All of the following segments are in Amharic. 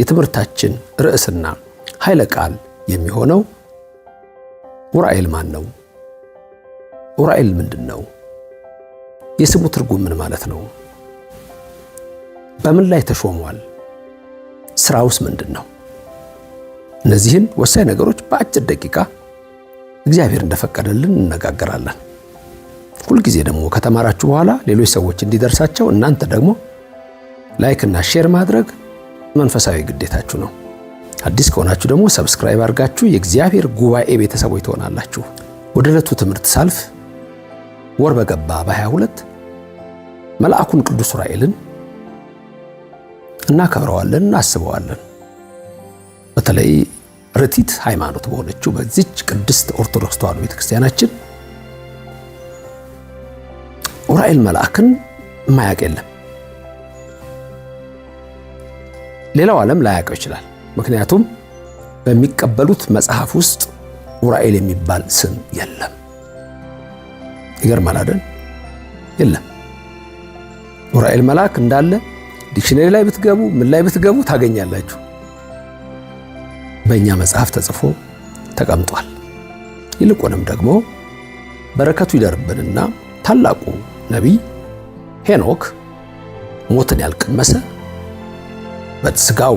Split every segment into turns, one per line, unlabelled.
የትምህርታችን ርዕስና ኃይለ ቃል የሚሆነው ዑራኤል ማን ነው? ዑራኤል ምንድን ነው? የስሙ ትርጉም ምን ማለት ነው? በምን ላይ ተሾሟል? ስራውስ ምንድን ነው? እነዚህን ወሳኝ ነገሮች በአጭር ደቂቃ እግዚአብሔር እንደፈቀደልን እነጋገራለን። ሁልጊዜ ደግሞ ከተማራችሁ በኋላ ሌሎች ሰዎች እንዲደርሳቸው እናንተ ደግሞ ላይክ እና ሼር ማድረግ መንፈሳዊ ግዴታችሁ ነው። አዲስ ከሆናችሁ ደግሞ ሰብስክራይብ አድርጋችሁ የእግዚአብሔር ጉባኤ ቤተሰቦች ትሆናላችሁ። ወደ ዕለቱ ትምህርት ሳልፍ ወር በገባ በ22 መልአኩን ቅዱስ ዑራኤልን እናከብረዋለን፣ እናስበዋለን። በተለይ ርቲት ሃይማኖት በሆነችው በዚች ቅድስት ኦርቶዶክስ ተዋሕዶ ቤተክርስቲያናችን ዑራኤል መልአክን ማያቅ የለም። ሌላው ዓለም ላያውቀው ይችላል። ምክንያቱም በሚቀበሉት መጽሐፍ ውስጥ ዑራኤል የሚባል ስም የለም። ይገርማል አይደል? የለም። ዑራኤል መልአክ እንዳለ ዲክሽነሪ ላይ ብትገቡ ምን ላይ ብትገቡ ታገኛላችሁ። በእኛ መጽሐፍ ተጽፎ ተቀምጧል። ይልቁንም ደግሞ በረከቱ ይደርብንና ታላቁ ነቢይ ሄኖክ ሞትን ያልቀመሰ በስጋው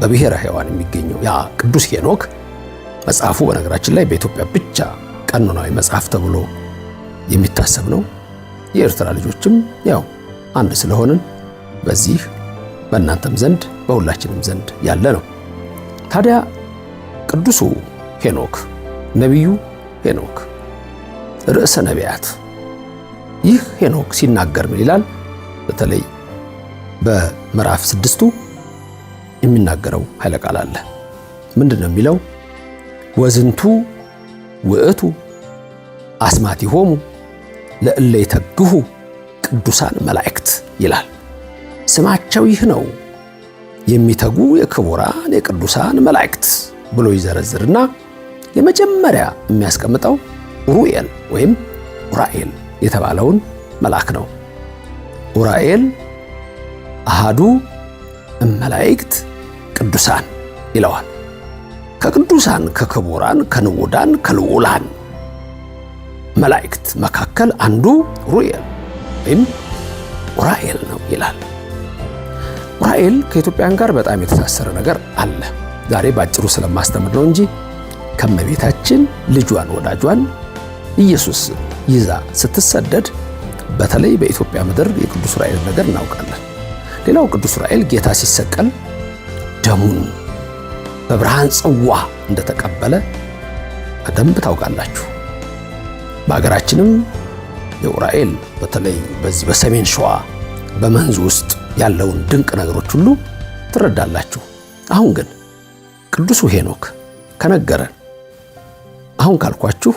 በብሔረ ሕያዋን የሚገኘው ያ ቅዱስ ሄኖክ መጽሐፉ በነገራችን ላይ በኢትዮጵያ ብቻ ቀኖናዊ መጽሐፍ ተብሎ የሚታሰብ ነው። የኤርትራ ልጆችም ያው አንድ ስለሆንን በዚህ በእናንተም ዘንድ በሁላችንም ዘንድ ያለ ነው። ታዲያ ቅዱሱ ሄኖክ ነቢዩ ሄኖክ ርዕሰ ነቢያት፣ ይህ ሄኖክ ሲናገር ምን ይላል? በተለይ በምዕራፍ ስድስቱ የሚናገረው ኃይለ ቃል አለ። ምንድን ነው የሚለው? ወዝንቱ ውእቱ አስማቲሆሙ ለእለ ይተግሁ ቅዱሳን መላእክት ይላል። ስማቸው ይህ ነው የሚተጉ የክቡራን የቅዱሳን መላእክት ብሎ ይዘረዝርና የመጀመሪያ የሚያስቀምጠው ሩኤል ወይም ኡራኤል የተባለውን መልአክ ነው። ኡራኤል አሃዱ እመላእክት ቅዱሳን ይለዋል። ከቅዱሳን ከክቡራን ከንዑዳን ከልዑላን መላእክት መካከል አንዱ ሩኤል ወይም ኡራኤል ነው ይላል። ኡራኤል ከኢትዮጵያን ጋር በጣም የተሳሰረ ነገር አለ። ዛሬ ባጭሩ ስለማስተምር ነው እንጂ ከመቤታችን ልጇን ወዳጇን ኢየሱስ ይዛ ስትሰደድ በተለይ በኢትዮጵያ ምድር የቅዱስ ራኤል ነገር እናውቃለን። ሌላው ቅዱስ ራኤል ጌታ ሲሰቀል ደሙን በብርሃን ጽዋ እንደተቀበለ በደንብ ታውቃላችሁ። በሀገራችንም የዑራኤል በተለይ በዚህ በሰሜን ሸዋ በመንዝ ውስጥ ያለውን ድንቅ ነገሮች ሁሉ ትረዳላችሁ። አሁን ግን ቅዱሱ ሄኖክ ከነገረን አሁን ካልኳችሁ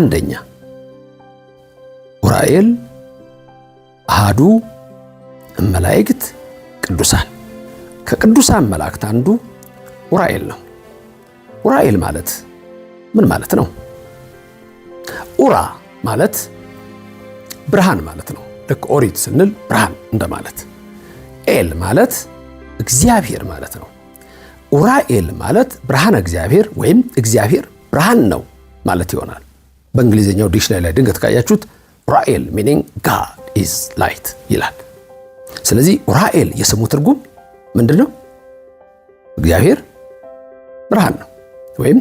አንደኛ ዑራኤል አሃዱ እመላእክት ቅዱሳን ከቅዱሳን መላእክት አንዱ ኡራኤል ነው። ኡራኤል ማለት ምን ማለት ነው? ኡራ ማለት ብርሃን ማለት ነው። ልክ ኦሪት ስንል ብርሃን እንደማለት። ኤል ማለት እግዚአብሔር ማለት ነው። ኡራኤል ማለት ብርሃን እግዚአብሔር ወይም እግዚአብሔር ብርሃን ነው ማለት ይሆናል። በእንግሊዝኛው ዲክሽነሪ ላይ ድንገት ካያችሁት ኡራኤል ሚኒንግ ጋድ ኢዝ ላይት ይላል። ስለዚህ ኡራኤል የስሙ ትርጉም ምንድን ነው? እግዚአብሔር ብርሃን ነው ወይም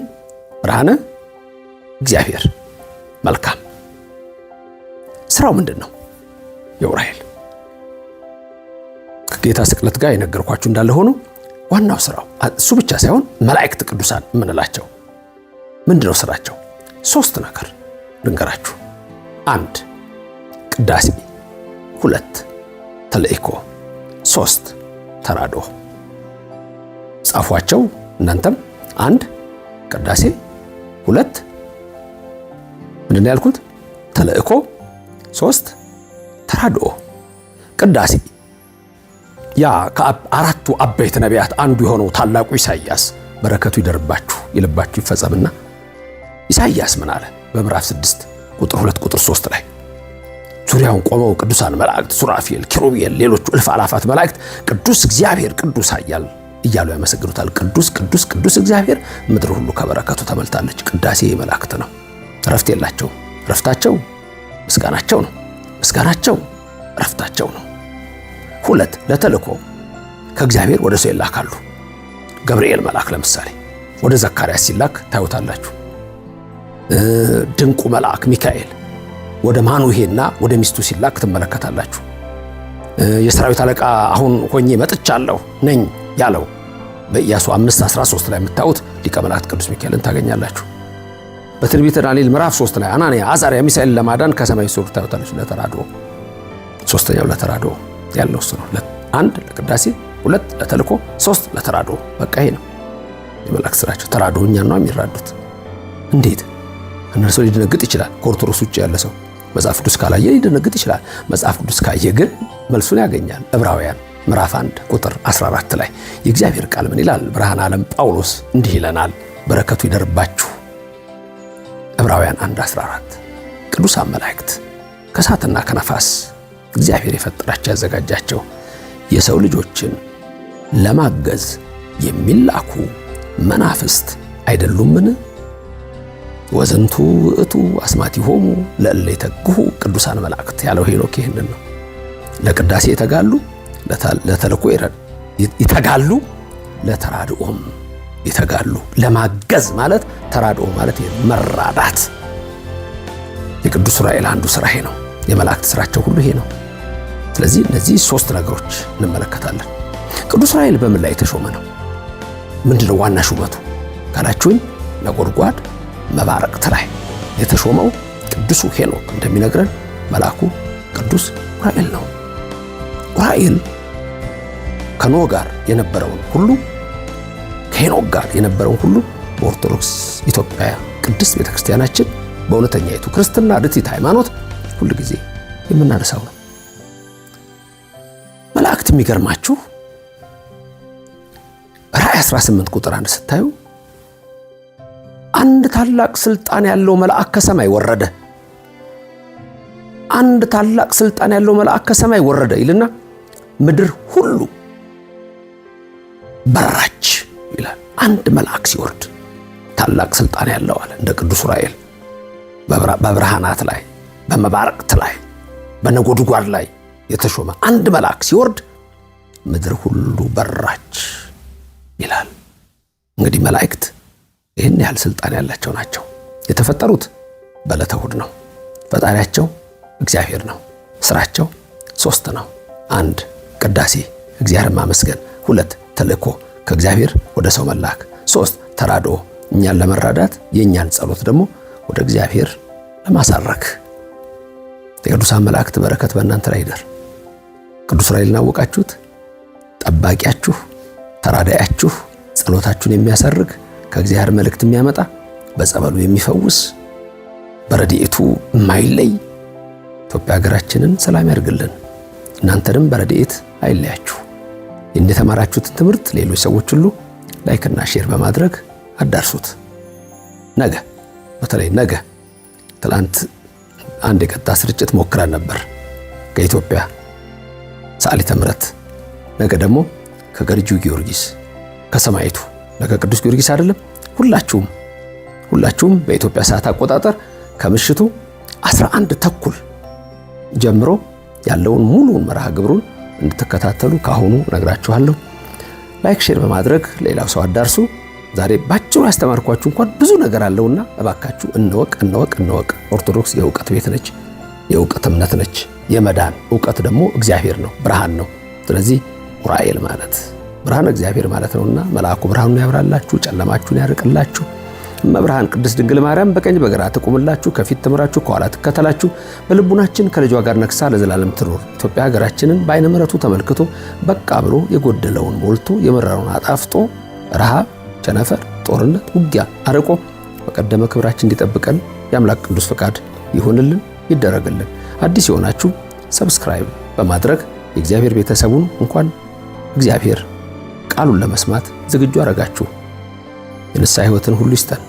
ብርሃነ እግዚአብሔር። መልካም ስራው ምንድን ነው? የዑራኤል ከጌታ ስቅለት ጋር የነገርኳችሁ እንዳለ ሆኖ ዋናው ስራው እሱ ብቻ ሳይሆን መላእክት ቅዱሳን የምንላቸው ምንድን ነው ስራቸው? ሶስት ነገር ልንገራችሁ። አንድ ቅዳሴ፣ ሁለት ተልእኮ፣ ሶስት ተራዶ ጻፏቸው። እናንተም አንድ ቅዳሴ፣ ሁለት ምንድን ያልኩት ተልእኮ፣ ሶስት ተራዶ ቅዳሴ ያ ከአራቱ አበይት ነቢያት አንዱ የሆነው ታላቁ ኢሳይያስ በረከቱ ይደርባችሁ ይልባችሁ ይፈጸምና ኢሳይያስ ምን አለ? በምዕራፍ 6 ቁጥር 2 ቁጥር 3 ላይ ዙሪያውን ቆመው ቅዱሳን መላእክት ሱራፌል፣ ኪሩቤል፣ ሌሎች እልፍ አላፋት መላእክት ቅዱስ እግዚአብሔር ቅዱስ አያል እያሉ ያመሰግኑታል። ቅዱስ ቅዱስ ቅዱስ እግዚአብሔር፣ ምድር ሁሉ ከበረከቱ ተመልታለች። ቅዳሴ መላእክት ነው። እረፍት የላቸው። እረፍታቸው ምስጋናቸው ነው። ምስጋናቸው እረፍታቸው ነው። ሁለት ለተልእኮ ከእግዚአብሔር ወደ ሰው ይላካሉ። ገብርኤል መልአክ ለምሳሌ ወደ ዘካርያስ ሲላክ ታዩታላችሁ። ድንቁ መልአክ ሚካኤል ወደ ማኑሄና ወደ ሚስቱ ሲላክ ትመለከታላችሁ። የሰራዊት አለቃ አሁን ሆኜ መጥቻለሁ ነኝ ያለው በኢያሱ 5:13 ላይ የምታዩት ሊቀ መላእክት ቅዱስ ሚካኤልን ታገኛላችሁ። በትንቢተ ዳንኤል ምዕራፍ 3 ላይ አናንያ፣ አዛርያ፣ ሚሳኤል ለማዳን ከሰማይ ሲወርዱ ታዩታለች። ለተራድኦ ሶስተኛው ለተራድኦ ያለው እሱ ነው። አንድ ለቅዳሴ፣ ሁለት ለተልኮ፣ ሶስት ለተራድኦ። በቃ ይሄ ነው የመላእክት ስራቸው። ተራድኦ እኛን ነው የሚራዱት። እንዴት እነርሱ ሊደነግጥ ይችላል። ከኦርቶዶክስ ውጭ ያለ ሰው መጽሐፍ ቅዱስ ካላየ ሊደነግጥ ይችላል። መጽሐፍ ቅዱስ ካየ ግን መልሱን ያገኛል። ዕብራውያን ምዕራፍ 1 ቁጥር 14 ላይ የእግዚአብሔር ቃል ምን ይላል? ብርሃን ዓለም ጳውሎስ እንዲህ ይለናል፣ በረከቱ ይደርባችሁ። ዕብራውያን 1 14 ቅዱሳን መላእክት ከእሳትና ከነፋስ እግዚአብሔር የፈጠራቸው ያዘጋጃቸው የሰው ልጆችን ለማገዝ የሚላኩ መናፍስት አይደሉምን? ወዘንቱ እቱ አስማቲሆሙ ለእለ ተግሁ ቅዱሳን መላእክት ያለው ሄኖክ ይህንን ነው። ለቅዳሴ የተጋሉ ለተልኮ ይተጋሉ፣ ለተራድኦም ይተጋሉ። ለማገዝ ማለት ተራድኦ ማለት መራዳት። የቅዱስ ዑራኤል አንዱ ስራ ይሄ ነው። የመላእክት ስራቸው ሁሉ ይሄ ነው። ስለዚህ እነዚህ ሶስት ነገሮች እንመለከታለን። ቅዱስ ዑራኤል በምን ላይ የተሾመ ነው? ምንድነው ዋና ሹመቱ ካላችሁኝ ነጎድጓድ መባረቅት ላይ የተሾመው ቅዱሱ ሄኖክ እንደሚነግረን መልአኩ ቅዱስ ዑራኤል ነው። ዑራኤል ከኖህ ጋር የነበረውን ሁሉ ከሄኖክ ጋር የነበረውን ሁሉ በኦርቶዶክስ ኢትዮጵያ ቅድስት ቤተክርስቲያናችን በእውነተኛይቱ ክርስትና ድቲት ሃይማኖት ጊዜ የምናነሳው ነው። መላእክት የሚገርማችሁ ራእይ 18 ቁጥር አንድ ስታዩ አንድ ታላቅ ስልጣን ያለው መልአክ ከሰማይ ወረደ። አንድ ታላቅ ስልጣን ያለው መልአክ ከሰማይ ወረደ ይልና ምድር ሁሉ በራች ይላል። አንድ መልአክ ሲወርድ ታላቅ ስልጣን ያለው አለ እንደ ቅዱስ ዑራኤል በብርሃናት ላይ በመባረቅት ላይ በነጎድጓድ ላይ የተሾመ አንድ መልአክ ሲወርድ ምድር ሁሉ በራች ይላል። እንግዲህ መላእክት ይህን ያህል ስልጣን ያላቸው ናቸው። የተፈጠሩት በዕለተ ነው። ፈጣሪያቸው እግዚአብሔር ነው። ስራቸው ሶስት ነው። አንድ ቅዳሴ፣ እግዚአብሔር ማመስገን፣ ሁለት ተልእኮ፣ ከእግዚአብሔር ወደ ሰው መላክ፣ ሶስት ተራዶ እኛን ለመራዳት የእኛን ጸሎት ደግሞ ወደ እግዚአብሔር ለማሳረክ። የቅዱሳን መላእክት በረከት በእናንተ ላይ ይደር። ቅዱስ ዑራኤልን አወቃችሁት? ጠባቂያችሁ፣ ተራዳያችሁ፣ ጸሎታችሁን የሚያሳርግ ከእግዚአብሔር መልእክት የሚያመጣ በጸበሉ የሚፈውስ በረድኤቱ የማይለይ ኢትዮጵያ ሀገራችንን ሰላም ያድርግልን። እናንተንም በረድኤት አይለያችሁ። ይህን የተማራችሁትን ትምህርት ሌሎች ሰዎች ሁሉ ላይክና ሼር በማድረግ አዳርሱት። ነገ በተለይ ነገ ትላንት አንድ የቀጥታ ስርጭት ሞክረን ነበር ከኢትዮጵያ ሰዓሊተ ምሕረት። ነገ ደግሞ ከገርጂው ጊዮርጊስ ከሰማይቱ ነገ ቅዱስ ጊዮርጊስ አይደለም ሁላችሁም ሁላችሁም በኢትዮጵያ ሰዓት አቆጣጠር ከምሽቱ 11 ተኩል ጀምሮ ያለውን ሙሉውን መርሃ ግብሩን እንድትከታተሉ ካሁኑ ነግራችኋለሁ። ላይክ ሼር በማድረግ ሌላው ሰው አዳርሱ። ዛሬ ባጭሩ ያስተማርኳችሁ እንኳን ብዙ ነገር አለውና እባካችሁ እንወቅ እንወቅ እንወቅ። ኦርቶዶክስ የእውቀት ቤት ነች፣ የእውቀት እምነት ነች፣ የመዳን እውቀት ደግሞ እግዚአብሔር ነው፣ ብርሃን ነው። ስለዚህ ዑራኤል ማለት ብርሃን እግዚአብሔር ማለት ነውና መልአኩ ብርሃኑን ያብራላችሁ፣ ጨለማችሁን ያርቅላችሁ። መብርሃን ቅድስት ድንግል ማርያም በቀኝ በግራ ትቁምላችሁ፣ ከፊት ትምራችሁ፣ ከኋላ ትከተላችሁ። በልቡናችን ከልጇ ጋር ነግሳ ለዘላለም ትኖር። ኢትዮጵያ ሀገራችንን በአይነ ምረቱ ተመልክቶ በቃ ብሎ የጎደለውን ሞልቶ የመራውን አጣፍጦ ረሃብ፣ ቸነፈር፣ ጦርነት፣ ውጊያ አርቆ በቀደመ ክብራችን እንዲጠብቀን የአምላክ ቅዱስ ፈቃድ ይሁንልን ይደረግልን። አዲስ የሆናችሁ ሰብስክራይብ በማድረግ የእግዚአብሔር ቤተሰቡን እንኳን እግዚአብሔር ቃሉን ለመስማት ዝግጁ አረጋችሁ። የንስሐ ሕይወትን ሁሉ ይስጠን።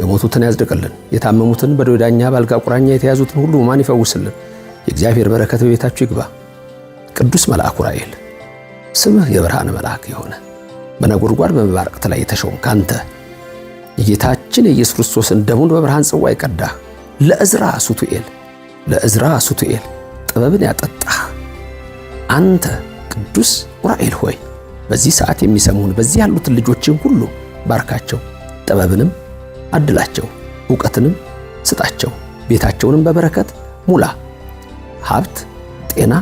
የሞቱትን ያጽድቅልን። የታመሙትን በደዌ ዳኛ በአልጋ ቁራኛ የተያዙትን ሁሉ ማን ይፈውስልን። የእግዚአብሔር በረከት በቤታችሁ ይግባ። ቅዱስ መልአኩ ራኤል ስምህ የብርሃን መልአክ የሆነ በነጎድጓድ በመባረቅት ላይ የተሾምክ ካንተ የጌታችን የኢየሱስ ክርስቶስን ደሙን በብርሃን ጽዋ ይቀዳ ለእዝራ ሱቱኤል ለእዝራ ሱቱኤል ጥበብን ያጠጣህ አንተ ቅዱስ ኡራኤል ሆይ በዚህ ሰዓት የሚሰሙን በዚህ ያሉትን ልጆችን ሁሉ ባርካቸው፣ ጥበብንም አድላቸው፣ እውቀትንም ስጣቸው፣ ቤታቸውንም በበረከት ሙላ። ሀብት፣ ጤና፣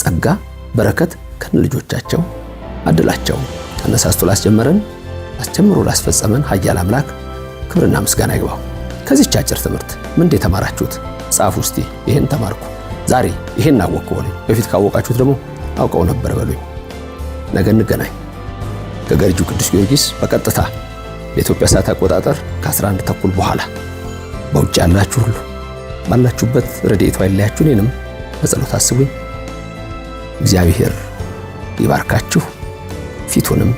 ጸጋ፣ በረከት ከነ ልጆቻቸው አድላቸው። አነሳስቶ ላስጀመረን አስጀምሮ ላስፈጸመን ኃያል አምላክ ክብርና ምስጋና ይግባው። ከዚች አጭር ትምህርት ምን የተማራችሁት? ጻፉ እስቲ። ይሄን ተማርኩ ዛሬ፣ ይሄን አወቅኩ በሉኝ። በፊት ካወቃችሁት ደግሞ አውቀው ነበር በሉኝ። ነገ እንገናኝ። ከገርጁ ቅዱስ ጊዮርጊስ በቀጥታ በኢትዮጵያ ሰዓት አቆጣጠር ከ11 ተኩል በኋላ በውጭ ያላችሁ ሁሉ ባላችሁበት ረድኤቱ አይለያችሁ። እኔንም በጸሎት አስቡኝ። እግዚአብሔር ይባርካችሁ፣ ፊቱንም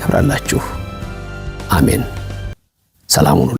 ያብራላችሁ። አሜን። ሰላም ሁኑ።